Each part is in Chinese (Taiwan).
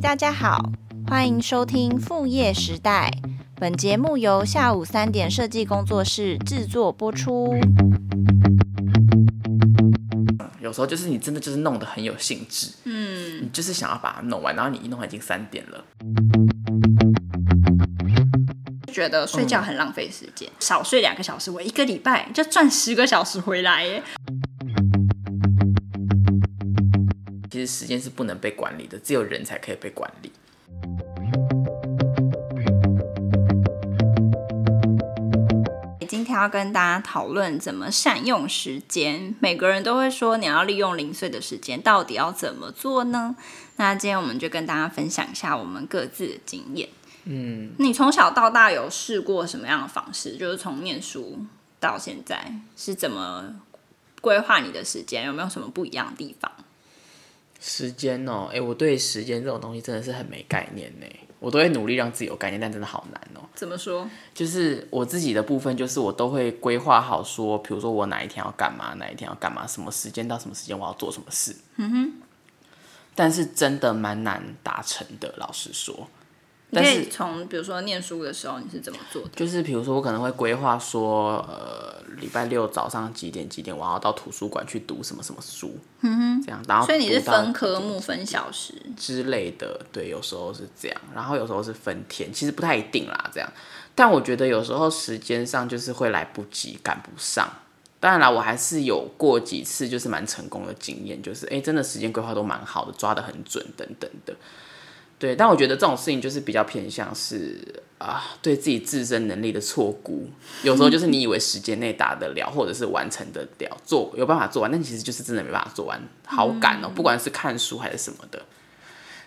大家好，歡迎收聽《副業時代》。本節目由下午三點設計工作室制作播出。有時候就是你真的就是弄得很有興致，嗯，你就是想要把它弄完，然後你一弄已經三點了，覺得睡覺很浪費時間，少、嗯、睡兩個小時，我一個禮拜就賺十個小時回來耶。時間是不能被管理的，只有人才可以被管理。今天要跟大家討論怎麼善用時間。每個人都會說，你要利用零碎的時間，到底要怎麼做呢？那今天我們就跟大家分享一下我們各自的經驗。嗯，你從小到大有試過什麼樣的方式？就是從念書到現在，是怎麼規劃你的時間？有沒有什麼不一樣的地方？時間喔，欸，我對時間這種東西真的是很沒概念呢。我都會努力讓自己有概念，但真的好難喔。怎麼說？就是我自己的部分，就是我都會規劃好，說，比如說我哪一天要幹嘛，哪一天要幹嘛，什麼時間到什麼時間我要做什麼事。嗯哼。但是真的蠻難達成的，老實說。但是從比如說唸書的時候，你是怎麼做的？就是比如說，我可能會規劃說，呃，禮拜六早上幾點幾點，我要到圖書館去讀什麼什麼書，嗯哼，這樣。然後所以你是分科目、分小時之類的，對，有時候是這樣，然後有時候是分天，其實不太一定啦，這樣。但我覺得有時候時間上就是會來不及，趕不上。當然啦，我還是有過幾次就是蠻成功的經驗，就是哎，真的時間規劃都蠻好的，抓得很準等等的。對，但我覺得這種事情就是比較偏向是啊，對自己自身能力的錯估。有時候就是你以為時間內達得了，或者是完成得了，做有辦法做完，但你其實就是真的沒辦法做完。好趕哦，嗯、不管是看書還是什麼的。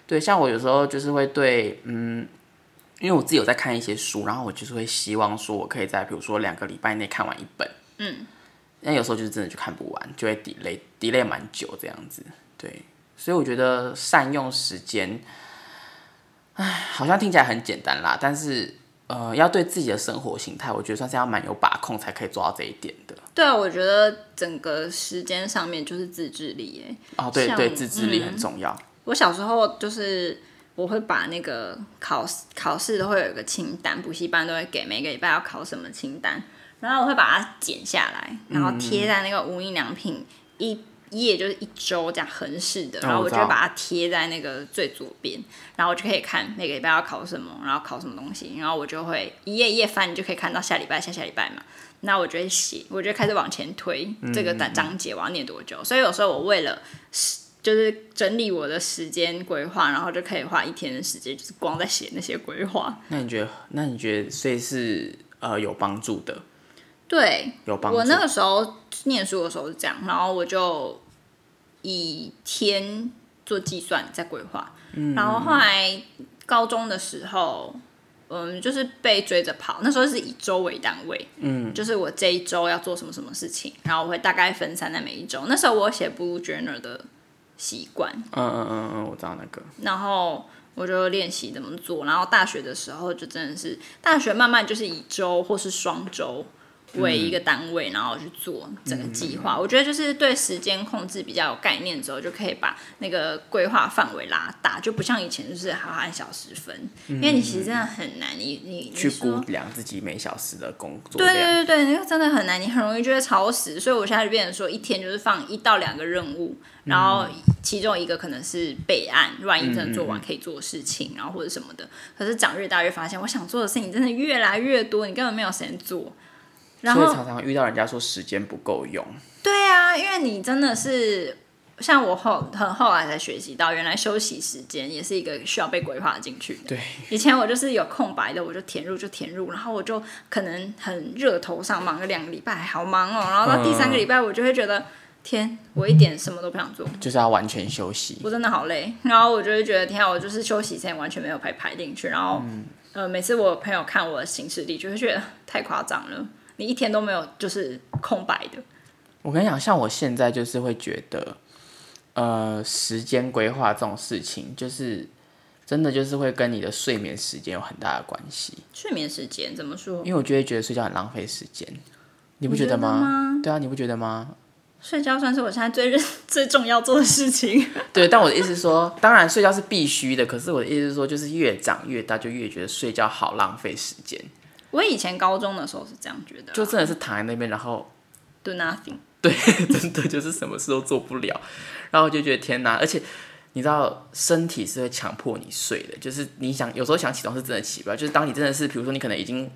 對，像我有時候就是會對，嗯，因為我自己有在看一些書，然後我就是會希望說我可以在，比如說兩個禮拜內看完一本。嗯，那有時候就是真的就看不完，就會 delay delay 蠻久這樣子。對，所以我覺得善用時間。哎，好像聽起來很簡單啦，但是，呃，要對自己的生活形態，我覺得算是要蠻有把控，才可以做到這一點的。對啊，我覺得整個時間上面就是自制力哎、欸。哦，對像對，自制力很重要、嗯。我小時候就是我會把那個考考試都會有一個清單，補習班都會給每個禮拜要考什麼清單，然後我會把它剪下來，然後貼在那個無印良品一。嗯頁就是一周這樣橫式的，然後我就會把它貼在那個最左邊，哦、然後我就可以看每個禮拜要考什麼，然後考什麼東西，然後我就會一頁一頁翻，你就可以看到下禮拜、下下禮拜嘛。那我就會寫，我就開始往前推這個章章節、嗯、我要念多久。所以有時候我為了就是整理我的時間規劃，然後就可以花一天的時間，就是光在寫那些規劃。那你覺得？那你覺得所以是呃有幫助的？對，有幫助。我那個時候念書的時候是這樣，然後我就。以天做計算再規劃，嗯、然後後來高中的時候，嗯，就是被追着跑。那時候是以週為單位，嗯，就是我這一週要做什麼什麼事情，然後我會大概分散在每一週。那時候我有寫 bullet journal 的習慣，嗯嗯嗯嗯，我知道那個。然後我就練習怎麼做，然後大學的時候就真的是大學慢慢就是以週或是雙週為一個單位，然後去做整個計劃。嗯嗯、我覺得就是對時間控制比較有概念之後，就可以把那個規劃範圍拉大，就不像以前就是還要按小時分，嗯、因為你其實真的很難，你你，你去估量自己每小時的工作量。對對對對，那個真的很難，你很容易就會超時。所以我現在就變成說，一天就是放一到兩個任務，然後其中一個可能是備案，萬一真的做完可以做事情，嗯、然後或者什麼的。可是長越大越發現，我想做的事情真的越來越多，你根本沒有時間做。然後所以常常遇到人家說時間不夠用。對啊，因為你真的是像我後很後來才學習到，原來休息時間也是一個需要被規劃進去的。對，以前我就是有空白的，我就填入就填入，然後我就可能很熱頭上忙個兩個禮拜，好忙哦。然後到第三個禮拜，我就會覺得、嗯、天，我一點什麼都不想做，就是要完全休息。我真的好累，然後我就會覺得天、啊、我就是休息時間完全沒有排排進去。然後、嗯呃、每次我朋友看我的行事曆，就會覺得太誇張了。你一天都沒有就是空白的。我跟你講，像我現在就是會覺得，呃，時間規劃這種事情，就是真的就是會跟你的睡眠時間有很大的關係。睡眠時間怎麼說？因為我覺得覺得睡覺很浪費時間，你不覺得嗎？得嗎？對啊，你不覺得嗎？睡覺算是我現在最最最重要做的事情。 對，但我的意思是說，當然睡覺是必須的，可是我的意思是說，就是越長越大，就越覺得睡覺好浪費時間。我以前高中的時候是這樣覺得啊，就真的是躺在那邊，然後 do nothing，對，真的就是什麼事都做不了，然後就覺得天哪，而且你知道，身體是會強迫你睡的，就是你想有時候想起床是真的起不來，就是當你真的是，比如說你可能已經，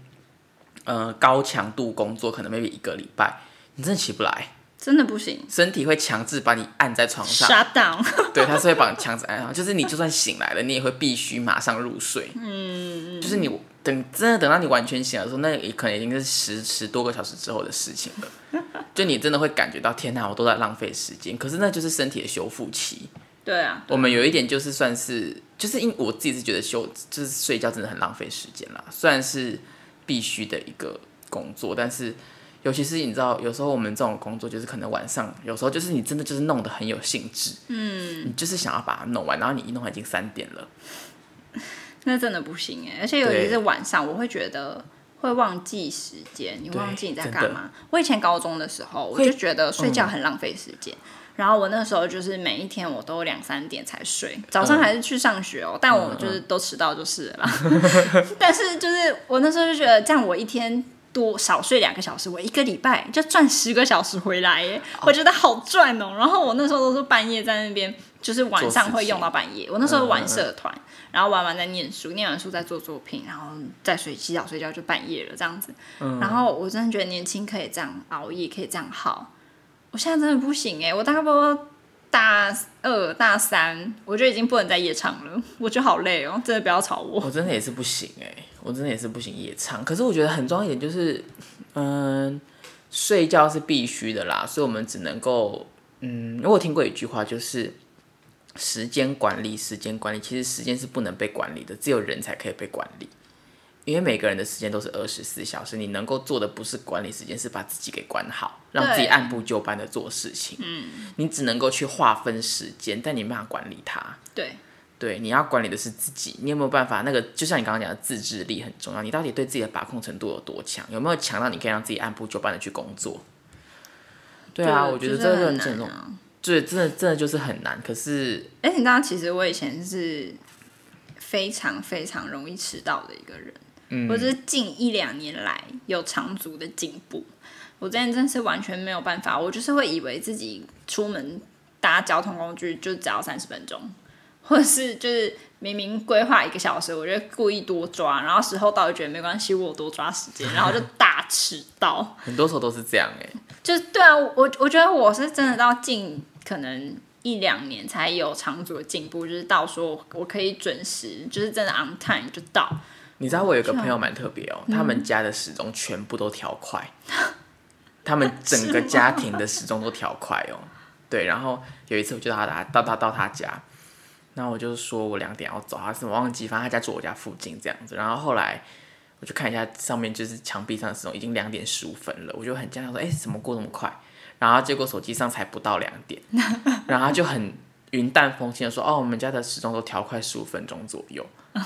呃，高強度工作，可能 maybe 一個禮拜，你真的起不來，真的不行，身體會強制把你按在床上 shut down， 對，它是會把你強制按上，就是你就算醒來了，你也會必須馬上入睡，嗯， 就是你。等真的等到你完全醒的時候，那也可能已經是十十多個小時之後的事情了。就你真的會感覺到天，天吶，我都在浪費時間。可是那就是身體的修復期。對啊。對。我們有一點就是算是，就是因我自己是覺得休就是睡覺真的很浪費時間啦，雖然是必須的一個工作，但是尤其是你知道，有時候我們這種工作就是可能晚上有時候就是你真的就是弄得很有興致，嗯，你就是想要把它弄完，然後你一弄完已經三點了。那真的不行哎、欸，而且尤其是晚上，我會覺得會忘記時間，對你忘記你在幹嘛。我以前高中的時候，我就覺得睡覺很浪費時間，嗯、然後我那時候就是每一天我都兩三點才睡，早上還是去上學哦、喔，嗯、但我就是都遲到就是了。嗯嗯 但是就是我那時候就覺得，這樣我一天多少睡兩個小時，我一個禮拜就賺十個小時回來、欸，哦、我覺得好賺哦、喔。然後我那時候都是半夜在那邊。就是晚上會用到半夜。我那時候玩社團，嗯、然後玩完再念書，念完書再做作品，然後再睡，洗澡睡覺就半夜了這樣子。嗯、然後我真的覺得年輕可以這樣熬夜，可以這樣耗。我現在真的不行哎、欸，我大概大二大三，我覺得已經不能再夜唱了，我覺得好累哦、喔。真的不要吵我。我真的也是不行哎、欸，我真的也是不行夜唱，可是我覺得很重要一點就是，嗯，睡覺是必須的啦，所以我們只能夠，嗯，我聽過一句話就是。時間管理，時間管理，其實時間是不能被管理的，只有人才可以被管理。因為每個人的時間都是二十四小時，你能夠做的不是管理時間，是把自己給管好，讓自己按部就班的做事情。對你只能夠去劃分時間，但你沒辦法管理它。對，對，你要管理的是自己。你有沒有辦法？那個就像你剛剛講的，自制力很重要。你到底對自己的把控程度有多強？有沒有強到你可以讓自己按部就班的去工作？對啊，就是、我覺得這個很難啊。對，真的真的就是很難。可是，哎、欸，你知道，其實我以前是非常非常容易遲到的一個人。嗯，我是近一兩年來有長足的進步。我之前真的是完全沒有辦法，我就是會以為自己出門搭交通工具就只要三十分鐘，或是就是明明規劃一個小時，我就故意多抓，然後時候到就覺得沒關係，我有多抓時間，啊、然後就大遲到。很多時候都是這樣哎、欸。就對啊，我我覺得我是真的到近。可能一兩年才有長足的進步，就是到說我可以準時，就是真的 on time 就到。你知道我有個朋友蠻特別，哦，嗯、他們家的時鐘全部都調快， 他們整個家庭的時鐘都調快哦。嗎對，然後有一次我就到他家， 到他到他家，那我就說我兩點要走，他什麼忘記，反正他家住我家附近這樣子。然後後來我就看一下上面就是牆壁上的時鐘，已經兩點十五分了，我就很驚訝說，哎，怎麼過那麼快？然後結果手機上才不到兩點， 然後他就很雲淡風輕的說：“哦，我們家的時鐘都調快十五分鐘左右，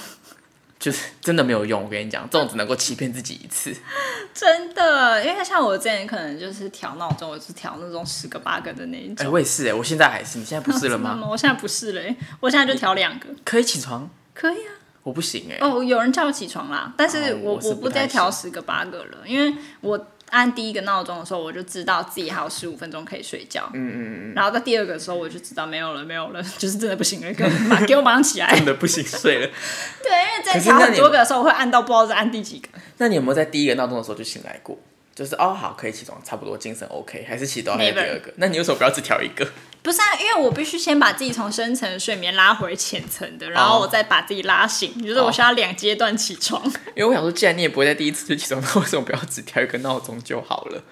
就是真的沒有用。我跟你講，這種只能夠欺騙自己一次， 真的。因為像我之前可能就是調鬧鐘，我就是調那種十個八個的那一種。哎、欸，我也是哎、欸，我現在還是，你現在不是了嗎？ 真的嗎？我現在不是嘞、欸，我現在就調兩個，可以起床，可以啊。我不行哎、欸。哦，有人叫我起床啦，但是我、哦、我,是不太想。我不再調十個八個了，因為我。按第一個鬧鐘的時候，我就知道自己還有十五分鐘可以睡覺。嗯嗯嗯。然後到第二個的時候，我就知道沒有了，沒有了，就是真的不行了，給我馬上起來， 真的不行睡了。 對，因為在調很多個的時候，我會按到不知道是按第幾個。那你有沒有在第一個鬧鐘的時候就醒來過？就是哦，好，可以起床，差不多精神 OK，還是起都要還有第二個？Never. 那你為什麼不要只調一個？不是啊，因為我必須先把自己從深層睡眠拉回淺層的，然後我再把自己拉醒。Oh. 就是我需要兩階段起床。Oh. 因為我想說，既然你也不會在第一次就起床，那為什麼不要只調一個鬧鐘就好了？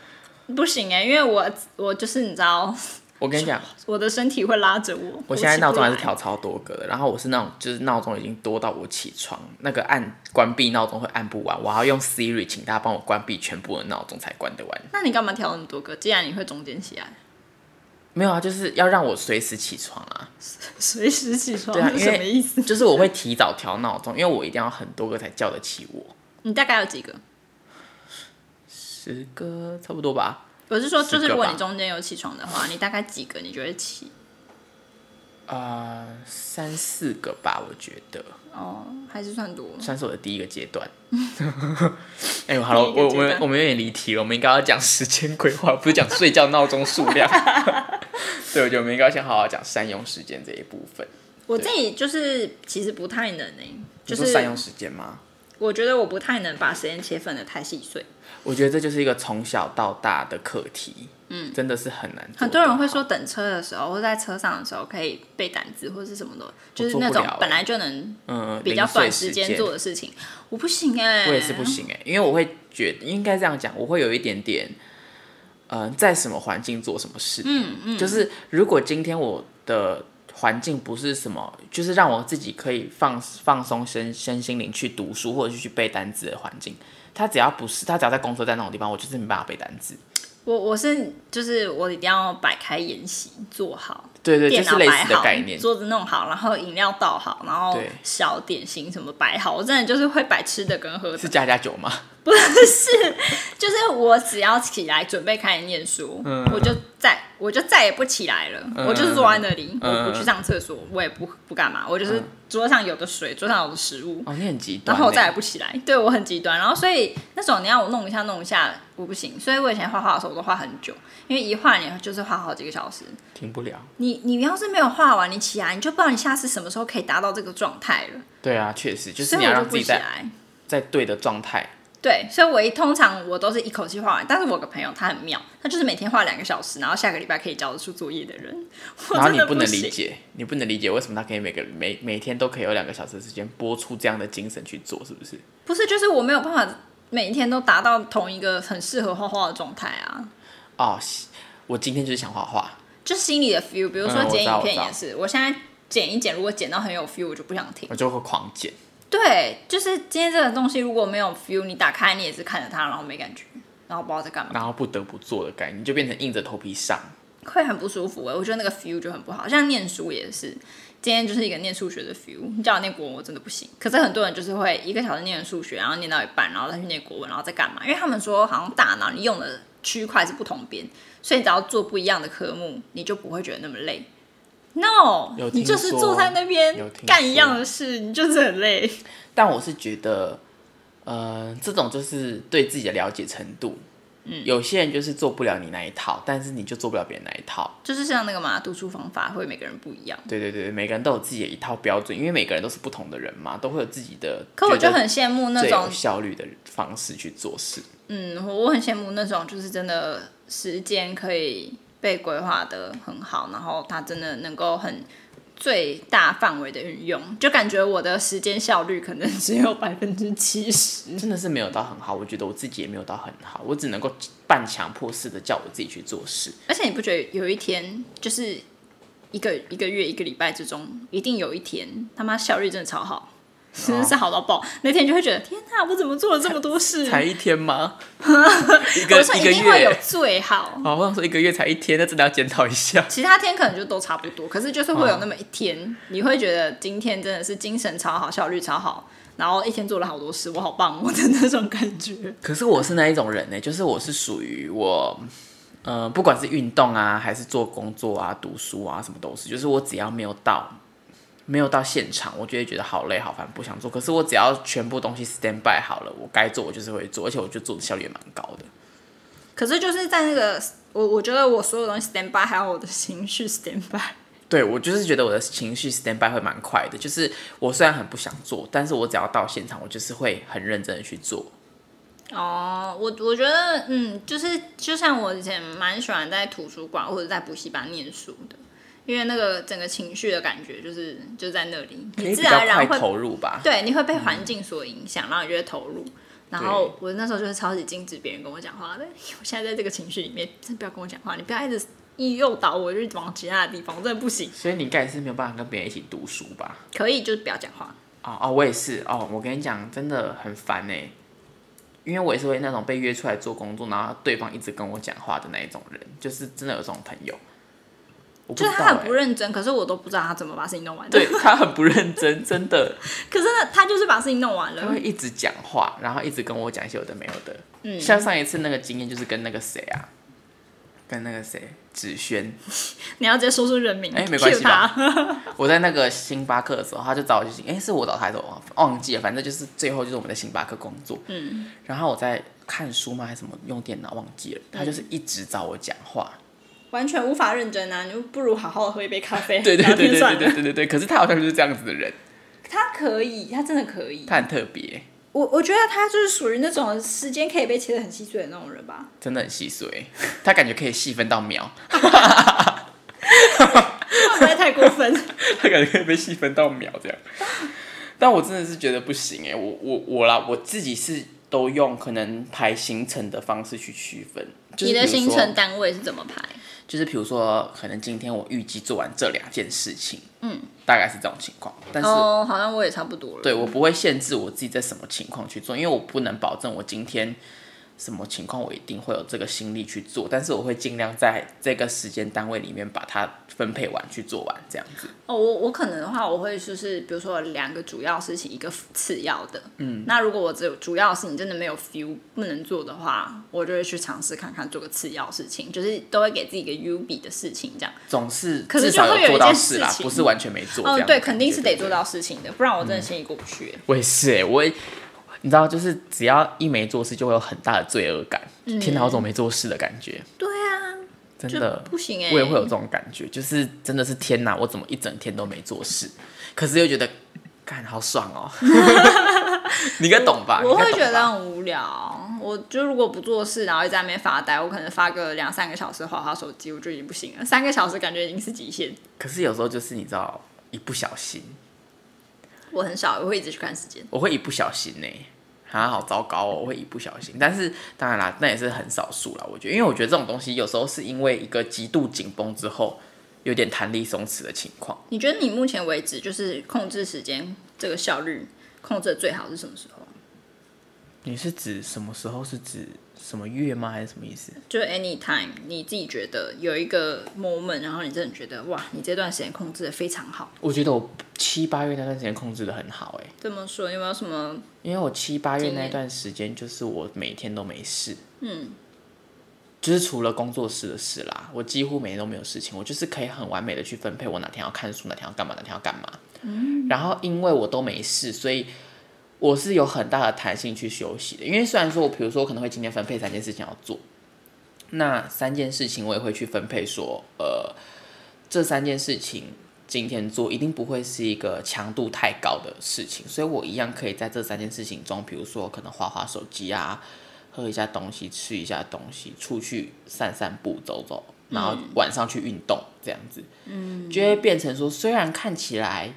不行哎，欸，因為我我就是你知道，我跟你講，我的身體會拉着我。我現在鬧鐘還是調超多個的，然後我是那種就是鬧鐘已經多到我起床那個按關閉鬧鐘會按不完，我要用 Siri 請大家幫我關閉全部的鬧鐘才關得完。那你幹嘛調那麼多個？既然你會中間起來。沒有啊，就是要讓我隨時起床啊！隨時起床，對啊，什麼意思？就是我會提早調鬧鐘，是因為我一定要很多個才叫得起我。你大概有幾個？十個差不多吧。我是說，就是如果你中間有起床的話，你大概幾個？你就會起？啊、呃，三四個吧，我覺得。哦，還是算多。算是我的第一個階段。 哎，好了，我我們我們有點離題了，我們應該要講時間規劃，不是講睡覺鬧鐘數量。 對，我覺得我們應該先好好講善用時間這一部分。我自己就是其實不太能誒、欸，就是善用時間嗎？我覺得我不太能把時間切分的太細碎。我覺得這就是一個從小到大的課題，嗯，真的是很難。很多人會說等車的時候或在車上的時候可以背單字，或者是什麼的，就是那種本來就能嗯比較短時間做的事情，嗯、我不行哎，、欸，我也是不行哎，、欸，因為我會覺得應該這樣講，我會有一點點。嗯、呃，在什麼環境做什麼事，嗯嗯，嗯就是如果今天我的環境不是什麼，就是讓我自己可以放放鬆身身心靈去讀書，或者去背單詞的環境，他只要不是，他只要在工作，在那種地方，我就是沒辦法背單詞。我我是就是我一定要擺開演習，做好。對對對，電腦擺好，就是類似的概念。桌子弄好，然後飲料倒好，然後小點心什麼擺好。我真的就是會擺吃的跟喝的。是家家酒嗎？不是，就是我只要起來準備開始念書，我就再，我就再也不起來了。我就坐在那裡，我不去上廁所，我也不不幹嘛。我就是桌上有的水，桌上有的食物。哦，你很極端。然後我再也不起來，對我很極端。然後所以那時候你要我弄一下弄一下。我不，不行，所以我以前畫畫的時候，我都畫很久，因為一畫你就是畫好幾個小時，停不了。你你要是沒有畫完，你起來、啊、你就不知道你下次什麼時候可以達到這個狀態了。對啊，確實，就是你要讓自己在起來在對的狀態。對，所以我一通常我都是一口氣畫完。但是我個朋友他很妙，他就是每天畫兩個小時，然後下個禮拜可以交得出作業的人。的然後你不能理解，你不能理解為什麼他可以每個每每天都可以有兩個小時的時間播出這樣的精神去做，是不是？不是，就是我沒有辦法。每一天都達到同一個很適合畫畫的狀態啊！哦，oh, 我今天就是想畫畫，就心裡的 feel，比如說剪影片也是。嗯、我，我，我現在剪一剪，如果剪到很有 feel，我就不想停，我就會狂剪。對，就是今天這個東西如果沒有 feel，你打開你也是看着它，然後沒感覺，然後不知道在幹嘛，然後不得不做的感覺，你就變成硬着頭皮上，會很不舒服、欸。我覺得那個 feel 就很不好，像念書也是。今天就是一個念數學的 feel，你叫我念國文我真的不行。可是很多人就是會一個小時念數學，然後念到一半，然後再去念國文，然後再幹嘛？因為他們說好像大腦你用的區塊是不同邊，所以你只要做不一樣的科目，你就不會覺得那麼累。No，你就是坐在那邊幹一樣的事，你就是很累。但我是覺得，呃，這種就是對自己的了解程度。嗯，有些人就是做不了你那一套，但是你就做不了別人那一套。就是像那個嘛，讀書方法會每個人不一樣。對對對，每個人都有自己的一套標準，因為每個人都是不同的人嘛，都會有自己的。可我就很羨慕那種效率的方式去做事。嗯，我我很羨慕那種，就是真的時間可以被規劃得很好，然後他真的能夠很。最大範圍的運用，就感覺我的時間效率可能只有百分之七十，真的是沒有到很好。我覺得我自己也沒有到很好，我只能夠半強迫式的叫我自己去做事。而且你不覺得有一天，就是一個一個月、一個禮拜之中，一定有一天他媽效率真的超好。真的是好到爆！哦、那天你就會覺得，天哪、啊，我怎麼做了這麼多事？才，才一天嗎？我說一定會有最好。好、哦，我想說一個月才一天，那真的要檢討一下。其他天可能就都差不多，可是就是會有那麼一天，哦、你會覺得今天真的是精神超好，效率超好，然後一天做了好多事，我好棒，我的那種感覺。可是我是那一種人呢、欸，就是我是屬於我，嗯、呃，不管是運動啊，還是做工作啊、讀書啊，什麼東西，就是我只要沒有到。沒有到現場，我就會覺得好累、好煩，不想做。可是我只要全部東西 stand by 好了，我該做我就是會做，而且我覺得做的效率也蠻高的。可是就是在那個，我我覺得我所有東西 stand by，還有我的情緒 stand by。對，我就是覺得我的情緒 stand by 會蠻快的。就是我雖然很不想做，但是我只要到現場，我就是會很認真的去做。哦，我我覺得，嗯，就是就像我以前蠻喜歡在圖書館或者在補習班念書的。因為那個整個情緒的感覺、就是，就是就在那裡，你自然而然會投入吧。對，你會被環境所影響，嗯、然後你就會投入。然後我那時候就是超級禁止別人跟我講話的。對我現在在這個情緒裡面，真不要跟我講話，你不要一直一誘導我就往其他的地方，我真的不行。所以你應該是沒有辦法跟別人一起讀書吧？可以，就是不要講話。哦哦，我也是哦。我跟你講，真的很煩呢、欸。因為我也是會那種被約出來做工作，然後對方一直跟我講話的那一種人，就是真的有這種朋友。欸、就是他很不認真，可是我都不知道他怎麼把事情弄完了。對，他很不認真，真的。 可是呢，他就是把事情弄完了。他會一直講話，然後一直跟我講一些有的沒有的。嗯。像上一次那個經驗就是跟那個誰啊，跟那個誰子軒。你要直接說出人名？哎、欸，沒關係他 我在那個星巴克的時候，他就找我就行。哎、欸，是我找他我忘記了。反正就是最後就是我們在星巴克工作。嗯。然後我在看書嘛，還是什麼用電腦忘記了。他就是一直找我講話。完全無法認真啊！你就不如好好喝一杯咖啡。對對對對對對，可是他好像就是這樣子的人。他可以，他真的可以。他很特別哎。我我覺得他就是屬於那種時間可以被切得很細碎的那種人吧。真的很細碎，他感覺可以細分到秒。哈哈實在太過分了。他感覺可以被細分到秒這樣。但我真的是覺得不行哎！我我我啦，我自己是都用可能排行程的方式去區分。你的行程單位是怎麼排？就是比如說，可能今天我預計做完這兩件事情，嗯，大概是這種情況。但是哦，好像我也差不多了。對，我不會限制我自己在什麼情況去做，因為我不能保證我今天。什麼情況我一定會有這個心力去做，但是我會盡量在這個時間單位裡面把它分配完去做完這樣子。哦，我我可能的話，我會就是比如說，兩個主要事情，一個次要的。嗯，那如果我只有主要事情真的沒有 feel 不能做的話，我就會去嘗試看看做個次要事情，就是都會給自己一個 U B 的事情這樣。總是至少會做到事情，嗯、不是完全沒做的。哦、嗯嗯，對，肯定是得做到事情的，嗯、不然我真的心裡過不去、欸。我也是哎、欸，我。你知道，就是只要一沒做事，就會有很大的罪惡感。嗯、天哪，我怎麼沒做事的感覺？對啊，真的不行哎、欸！我也會有這種感覺，就是真的是天哪，我怎麼一整天都沒做事？可是又覺得幹好爽哦！ 你應該懂吧？我會覺得很無聊。我就如果不做事，然後一直在那邊發呆，我可能發個兩三個小時，滑滑手機，我就已經不行了。三個小時感覺已經是極限。可是有時候就是你知道，一不小心。我很少，我會一直去看時間。我會一不小心呢、欸，啊，好糟糕哦，我會一不小心。但是當然啦，那也是很少數啦。我覺得，因為我覺得這種東西有時候是因為一個極度緊繃之後，有點彈力鬆弛的情況。你覺得你目前為止就是控制時間這個效率控制的最好是什麼時候、啊？你是指什麼時候？是指？什麼月嗎？還是什麼意思？就是 anytime，你自己覺得有一個 moment，然後你真的覺得哇，你這段時間控制得非常好。我覺得我七八月那段時間控制得很好，欸，哎。這麼說，有沒有什麼？因為我七八月那段時間，就是我每天都沒事。嗯，就是除了工作室的事啦，我幾乎每天都沒有事情，我就是可以很完美地去分配我哪天要看書，哪天要幹嘛，哪天要幹嘛。嗯，然後因為我都沒事，所以。我是有很大的彈性去休息的，因為雖然說，我比如說我可能會今天分配三件事情要做，那三件事情我也會去分配說，呃，這三件事情今天做一定不會是一個強度太高的事情，所以我一樣可以在這三件事情中，比如說我可能滑滑手機啊，喝一下東西，吃一下東西，出去散散步走走，然後晚上去運動這樣子，嗯，就會變成說，雖然看起來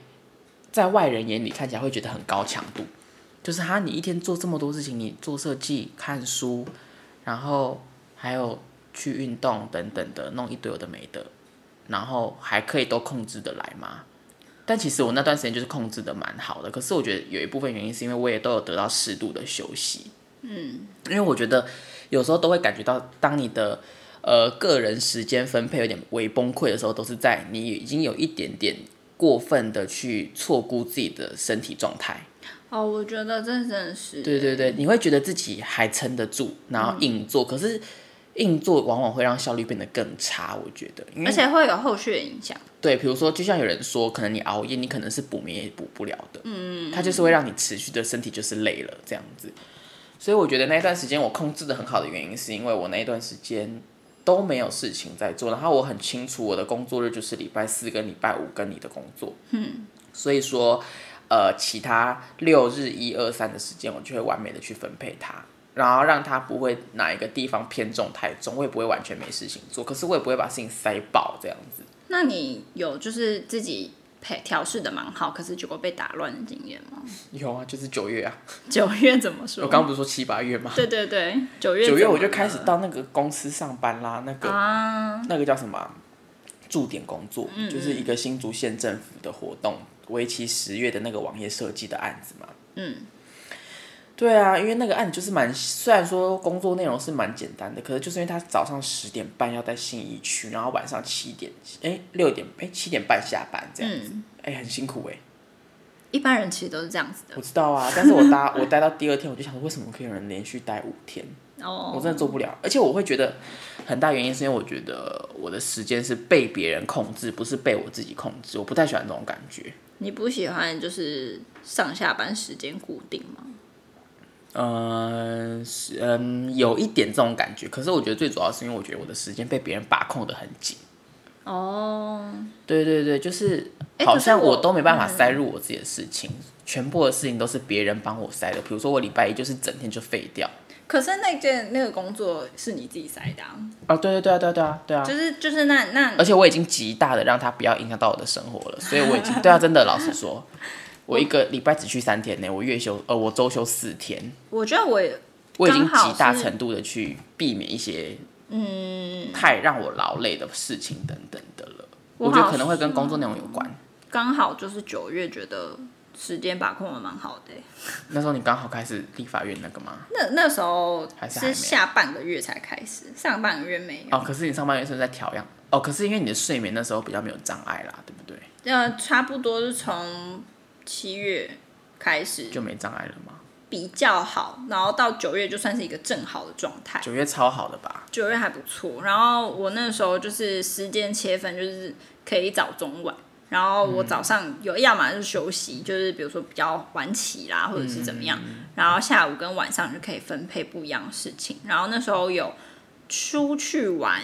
在外人眼裡看起來會覺得很高強度。就是他，你一天做這麼多事情，你做設計、看書，然後還有去運動等等的，弄一堆我的沒的，然後還可以都控制得來嗎？但其實我那段時間就是控制得蠻好的，可是我覺得有一部分原因是因為我也都有得到適度的休息，嗯，因為我覺得有時候都會感覺到，當你的呃個人時間分配有點微崩潰的時候，都是在你已經有一點點過分的去錯估自己的身體狀態。哦，oh, 我覺得這真的是對對對，你會覺得自己還撐得住，然後硬做，嗯、可是硬做往往會讓效率變得更差，我覺得，而且會有後續的影響。對，比如說，就像有人說，可能你熬夜，你可能是補眠也補不了的，嗯，它就是會讓你持續的身體就是累了這樣子。所以我覺得那段時間我控制得很好的原因，是因為我那段時間都沒有事情在做，然後我很清楚我的工作日就是禮拜四跟禮拜五跟你的工作，嗯，所以說。呃，其他六日一二三的時間，我就會完美的去分配他，然後讓他不會哪一個地方偏重太重，我也不會完全沒事情做，可是我也不會把事情塞爆這樣子。那你有就是自己配調試的蠻好，可是結果被打亂的經驗嗎？有啊，就是九月啊。九月怎麼說？我剛不是說七八月嗎？對對對，九月九月我就開始到那個公司上班啦，那個、啊、那個叫什麼駐點工作，嗯、就是一個新竹縣政府的活動。為期十月的那個網頁設計的案子嘛，嗯，對啊，因為那個案子就是蠻，雖然說工作內容是蠻簡單的，可是就是因為他早上十點半要在信義區，然後晚上七點，欸，六點，欸，七點半下班這樣子，嗯，欸，很辛苦哎。欸，一般人其實都是這樣子的，我知道啊，但是我待我待到第二天，我就想說為什麼可以有人連續待五天？哦，我真的做不了，而且我會覺得很大原因是因為我覺得我的時間是被別人控制，不是被我自己控制，我不太喜歡這種感覺。你不喜歡就是上下班時間固定嗎？呃，是，嗯，有一點這種感覺。可是我覺得最主要是因為我覺得我的時間被別人把控的很緊。哦，oh. 對對對，就是、欸、好像我都沒辦法塞入我自己的事情，嗯、全部的事情都是別人幫我塞的。比如說我禮拜一就是整天就廢掉。可是那件那個工作是你自己塞的啊？啊，對對對啊，對啊，對啊，就是就是那那，而且我已經極大的讓他不要影響到我的生活了，所以我已經 對啊，真的老實說，我一個禮拜只去三天呢，我月休呃我週休四天，我覺得我我已經極大程度的去避免一些嗯太讓我勞累的事情等等的了，我覺得可能會跟工作內容有關，剛好就是九月覺得。時間把控的蠻好的，欸，那時候你剛好開始立法院那個嗎？那那時候是下半個月才開始，上半個月沒有。哦，可是你上半個月是，是在調養哦，可是因為你的睡眠那時候比較沒有障礙啦，對不對？呃，差不多是從七月開始就沒障礙了嗎？比較好，然後到九月就算是一個正好的狀態。九月超好的吧？九月還不錯，然後我那時候就是時間切分，就是可以早中晚。然後我早上有要麼就休息，嗯、就是比如說比較晚起啦，或者是怎麼樣。嗯、然後下午跟晚上就可以分配不一樣的事情。然後那時候有出去玩，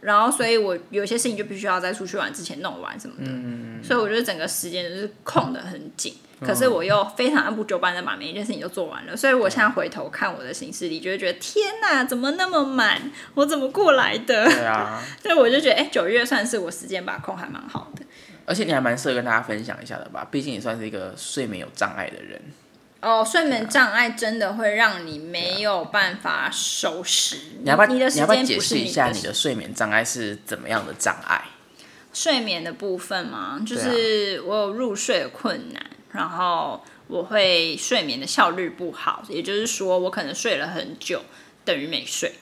然後所以我有些事情就必須要在出去玩之前弄完什麼的。嗯、所以我覺得整個時間就是空得很緊，嗯、可是我又非常按部就班的把每一件事情都做完了。所以我現在回頭看我的行事曆，就會覺得天哪，怎麼那麼滿？我怎麼過來的？嗯、對啊， 所以我就覺得，哎、欸，九月算是我時間把控還蠻好的。而且你還蠻適合跟大家分享一下的吧，畢竟也算是一個睡眠有障礙的人。哦，oh, 睡眠障礙真的會讓你沒有辦法收拾你、啊你。你要不要你，你要不要解釋一下你的睡眠障礙是怎麼樣的障礙？睡眠的部分嘛，就是我有入睡的困難，啊、然後我會睡眠的效率不好，也就是說我可能睡了很久，等於沒睡。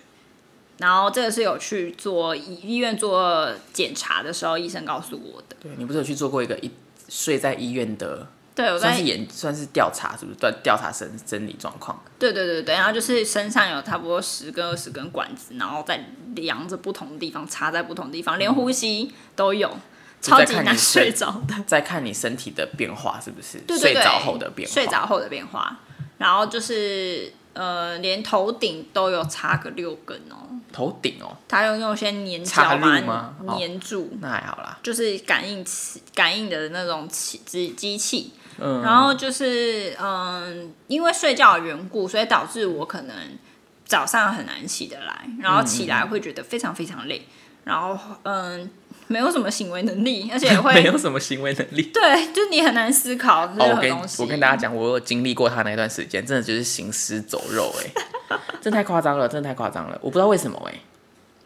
然後這個是有去做醫醫院做檢查的時候，醫生告訴我的。對，你不是有去做過一個一睡在醫院的？對，我算是研算是調查，是不是？調查生生理狀況。對對對，對然後就是身上有差不多十根二十根管子，然後在量着不同的地方，插在不同的地方，連呼吸都有，嗯，超級難睡着的。再看， 看你身體的變化是不是？對對對，睡着後的變化睡着後的變化，然後就是。呃，連頭頂都有插個六根哦。頭頂哦。他用用些粘膠粘粘住，哦。那還好啦。就是感應器感應的那種機機器。嗯。然後就是嗯、呃，因為睡覺的緣故，所以導致我可能早上很難起得來，然後起來會覺得非常非常累。嗯、然後嗯。呃沒有什麼行為能力，而且也會 沒有什麼行為能力。對，就是你很難思考這東西，哦。我跟，我跟大家講，我有經歷過他那段時間，真的就是行屍走肉哎，這 太誇張了，真的太誇張了。我不知道為什麼哎，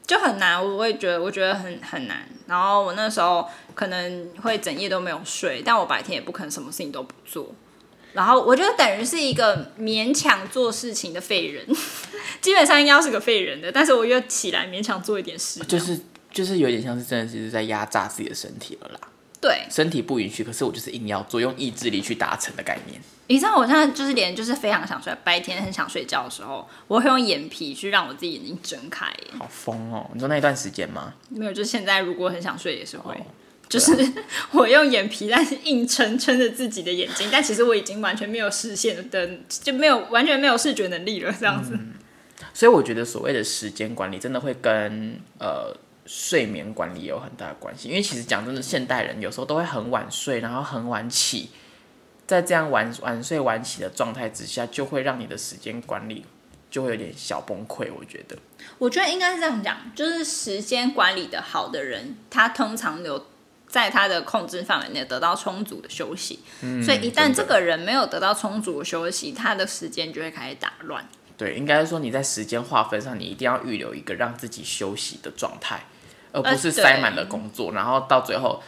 就很難，我也覺得，我覺得很很難。然後我那時候可能會整夜都沒有睡，但我白天也不可能什麼事情都不做。然後我覺得等於是一個勉強做事情的廢人， 基本上應該要是個廢人的，但是我又起來勉強做一點事，就是。就是有點像是真的，其實在壓榨自己的身體了啦。對，身體不允許，可是我就是硬要做，用意志力去達成的概念。你知道，我現在就是連就是非常想睡，白天很想睡覺的時候，我會用眼皮去讓我自己眼睛睜開。好瘋哦！你知道那一段時間嗎？沒有，就是現在，如果很想睡也是會，哦啊、就是我用眼皮，但是硬撐撐着自己的眼睛， 但其實我已經完全沒有視線的，燈，就沒有完全沒有視覺能力了，這樣子、嗯。所以我覺得，所謂的時間管理，真的會跟呃。睡眠管理有很大的關係，因為其實講真的，現代人有時候都會很晚睡，然後很晚起，在這樣晚晚睡晚起的狀態之下，就會讓你的時間管理就會有點小崩潰。我覺得，我覺得應該是這樣講，就是時間管理的好的人，他通常有在他的控制範圍內得到充足的休息，嗯、所以一旦這個人沒有得到充足的休息，真的。他的時間就會開始打亂。對，應該是說你在時間劃分上，你一定要預留一個讓自己休息的狀態。而不是塞滿了工作，呃、然後到最後，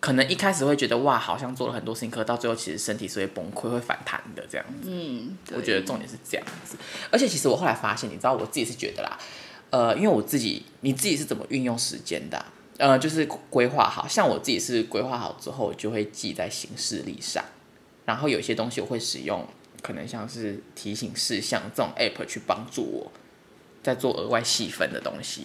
可能一開始會覺得哇，好像做了很多新課，到最後其實身體是會崩潰、會反彈的這樣子。嗯，我覺得重點是這樣子。而且其實我後來發現，你知道，我自己是覺得啦，呃，因為我自己，你自己是怎麼運用時間的、啊？呃，就是規劃好，好像我自己是規劃好之後，就會記在行事曆上，然後有些東西我會使用，可能像是提醒事項這種 app 去幫助我在做額外細分的東西。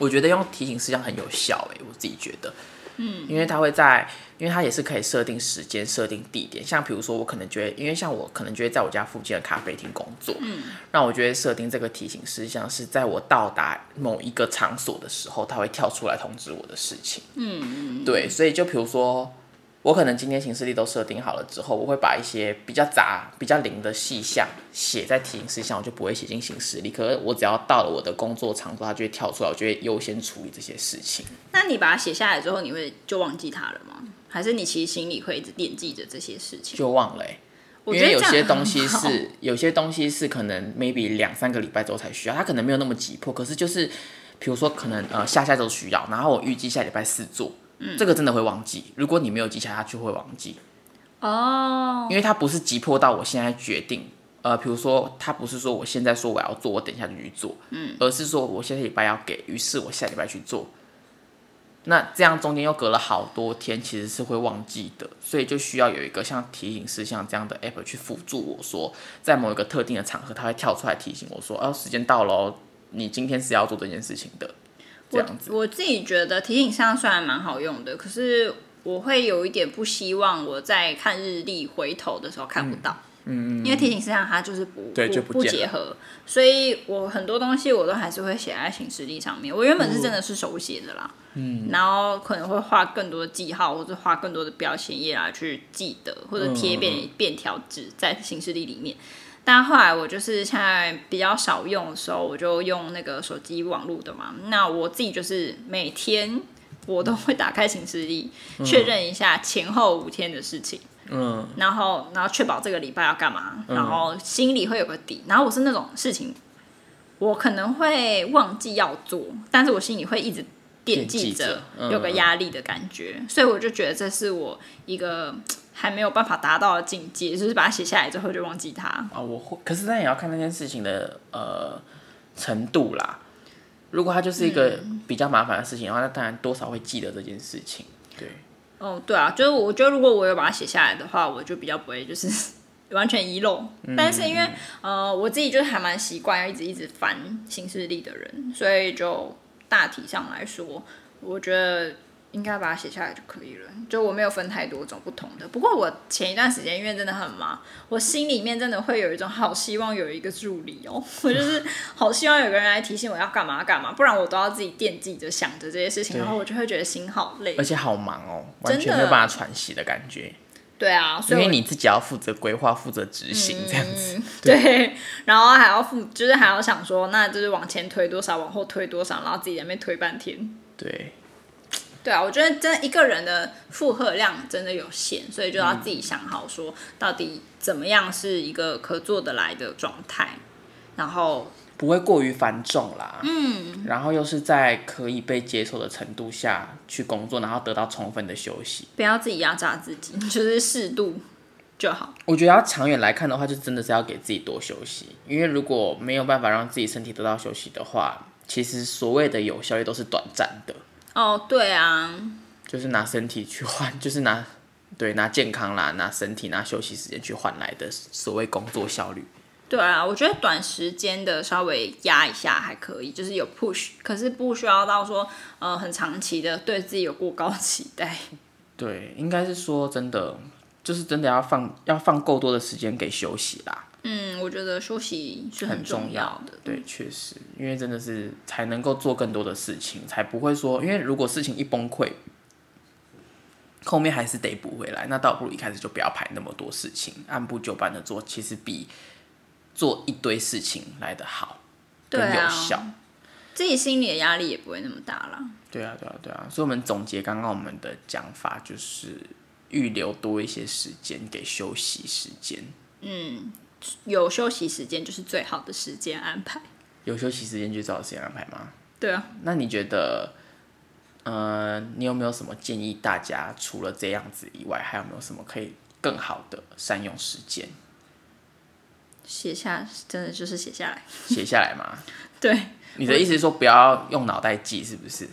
我覺得用提醒事項很有效，欸，誒，我自己覺得，嗯，因為它會在，因為它也是可以設定時間、設定地點，像比如說我可能覺得，因為像我可能覺得在我家附近的咖啡廳工作，嗯，那我覺得設定這個提醒事項是在我到達某一個場所的時候，它會跳出來通知我的事情，嗯嗯，對，所以就比如說。我可能今天行事曆都設定好了之後，我會把一些比較雜、比較零的細項寫在提醒事項，我就不會寫進行事曆。可是我只要到了我的工作場所，它就會跳出來，我就會優先處理這些事情。那你把它寫下來之後，你會就忘記它了嗎？還是你其實心裡會一直惦記着這些事情？就忘了、欸，因為有些東西是有些東西是可能 maybe 兩三個禮拜之後才需要，它可能沒有那麼急迫。可是就是，比如說可能呃下下周需要，然後我預計下禮拜四做。這個真的會忘記，如果你沒有記下，它就會忘記。哦，因為它不是急迫到我現在決定，呃，比如說，它不是說我現在說我要做，我等一下就去做，嗯，而是說我下禮拜要給，於是我下禮拜去做。那這樣中間又隔了好多天，其實是會忘記的，所以就需要有一個像提醒事項這樣的 app 去輔助我說，在某一個特定的場合，它會跳出來提醒我說，哦，時間到了哦，你今天是要做這件事情的。我，我自己覺得提醒事項雖然蠻好用的，可是我會有一點不希望我在看日曆回頭的時候看不到，嗯，嗯，因為提醒事項它就是不就不不結合，所以我很多東西我都還是會寫在行事曆上面。我原本是真的是手寫的啦，嗯，然後可能會畫更多的記號，或者畫更多的標籤頁來去記得，或者貼便便條紙在行事曆裡面。但後來我就是現在比較少用的時候，我就用那個手機網路的嘛。那我自己就是每天我都會打開行事曆，確、嗯、認一下前後五天的事情，嗯然，然後然後確保這個禮拜要幹嘛，嗯、然後心裡會有個底。然後我是那種事情，我可能會忘記要做，但是我心裡會一直。惦記着，嗯、有個壓力的感覺，所以我就覺得這是我一個還沒有辦法達到的境界，就是把它寫下來之後就忘記它啊。我會，可是那也要看那件事情的呃程度啦。如果它就是一個比較麻煩的事情的話，嗯、那當然多少會記得這件事情。對，哦，對啊，就是我覺得如果我有把它寫下來的話，我就比較不會就是完全遺漏。嗯、但是因為、嗯、呃我自己就是還蠻習慣要一直一直翻行事曆的人，所以就。大體上來說，我覺得應該把它寫下來就可以了。就我沒有分太多種不同的。不過我前一段時間因為真的很忙，我心裡面真的會有一種好希望有一個助理哦，我就是好希望有個人來提醒我要幹嘛要幹嘛，不然我都要自己惦記着想着這些事情，對然後我就會覺得心好累，而且好忙哦，完全沒有辦法喘息的感覺。對啊，所以你自己要負責規劃、負責執行這樣子，對，對，然後還要負，就是還要想說，那就是往前推多少，往後推多少，然後自己在那邊推半天。對，對啊，我覺得真的一個人的負荷量真的有限，所以就要自己想好說，到底怎麼樣是一個可做得來的狀態，然後。不會過於繁重啦，嗯，然後又是在可以被接受的程度下去工作，然後得到充分的休息，不要自己壓榨自己，就是適度就好。我覺得要長遠來看的話，就真的是要給自己多休息，因為如果沒有辦法讓自己身體得到休息的話，其實所謂的有效率都是短暫的。哦，對啊，就是拿身體去換，就是拿，對，拿健康啦，拿身體，拿休息時間去換來的所謂工作效率。對啊，我覺得短時間的稍微壓一下還可以，就是有 push，可是不需要到說呃很長期的對自己有過高期待。對，應該是說真的，就是真的要放要放夠多的時間給休息啦。嗯，我覺得休息是很重要的。要對，對，確實，因為真的是才能夠做更多的事情，才不會說，因為如果事情一崩潰，後面還是得補回來，那倒不如一開始就不要排那麼多事情，按部就班的做，其實比。做一堆事情來得好，對，有效。對啊，自己心裡的壓力也不會那麼大了。對啊，對啊，對啊。所以，我們總結剛剛我們的講法，就是預留多一些時間給休息時間。嗯，有休息時間就是最好的時間安排。有休息時間就最好時間安排嗎？對啊。那你覺得，呃，你有沒有什麼建議？大家除了這樣子以外，還有沒有什麼可以更好的善用時間？寫下真的就是寫下來，寫 下來嗎？對，你的意思是說不要用腦袋記，是不是？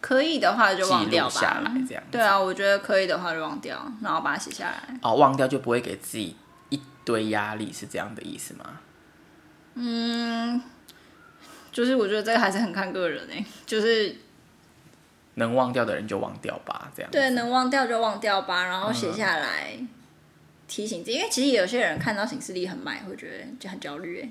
可以的話就忘掉吧，下來這樣。對啊，我覺得可以的話就忘掉，然後把它寫下來。哦，忘掉就不會給自己一堆壓力，是這樣的意思嗎？嗯，就是我覺得這個還是很看個人呢、欸。就是能忘掉的人就忘掉吧，這樣。對，能忘掉就忘掉吧，然後寫下來。嗯提醒自己，因為其實有些人看到行事曆很滿，會覺得就很焦慮。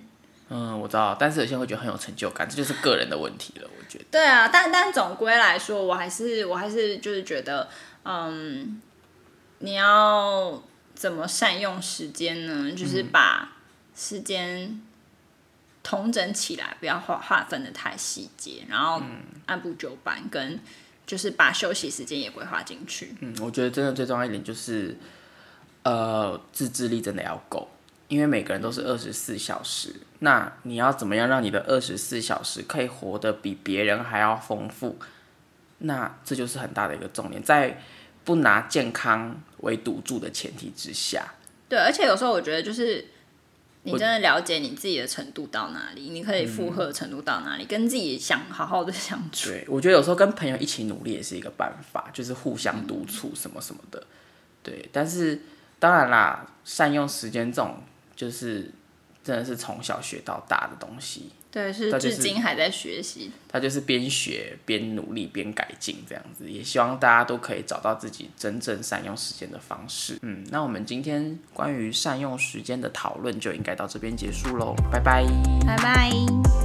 嗯，我知道，但是有些人會覺得很有成就感，這就是個人的問題了。我覺得。 對啊，但但總歸來說，我還是我還是就是覺得，嗯，你要怎麼善用時間呢？就是把時間統整起來，不要劃劃分得太細節，然後按部就班，跟就是把休息時間也規劃進去。嗯，我覺得真的最重要一點就是。呃，自制力真的要夠，因為每個人都是二十四小時。那你要怎麼樣讓你的二十四小時可以活得比別人還要豐富？那這就是很大的一個重點，在不拿健康為賭注的前提之下。對，而且有時候我覺得，就是你真的了解你自己的程度到哪裡，我你可以負荷的程度到哪裡，嗯、跟自己想好好的相處。對，我覺得有時候跟朋友一起努力也是一個辦法，就是互相督促什麼什麼的。嗯、對，但是。當然啦，善用時間這種就是真的是從小學到大的東西。對，是至今還在學習。它就是邊學邊努力邊改進這樣子，也希望大家都可以找到自己真正善用時間的方式。嗯，那我們今天關於善用時間的討論就應該到這邊結束嘍，拜拜，拜拜。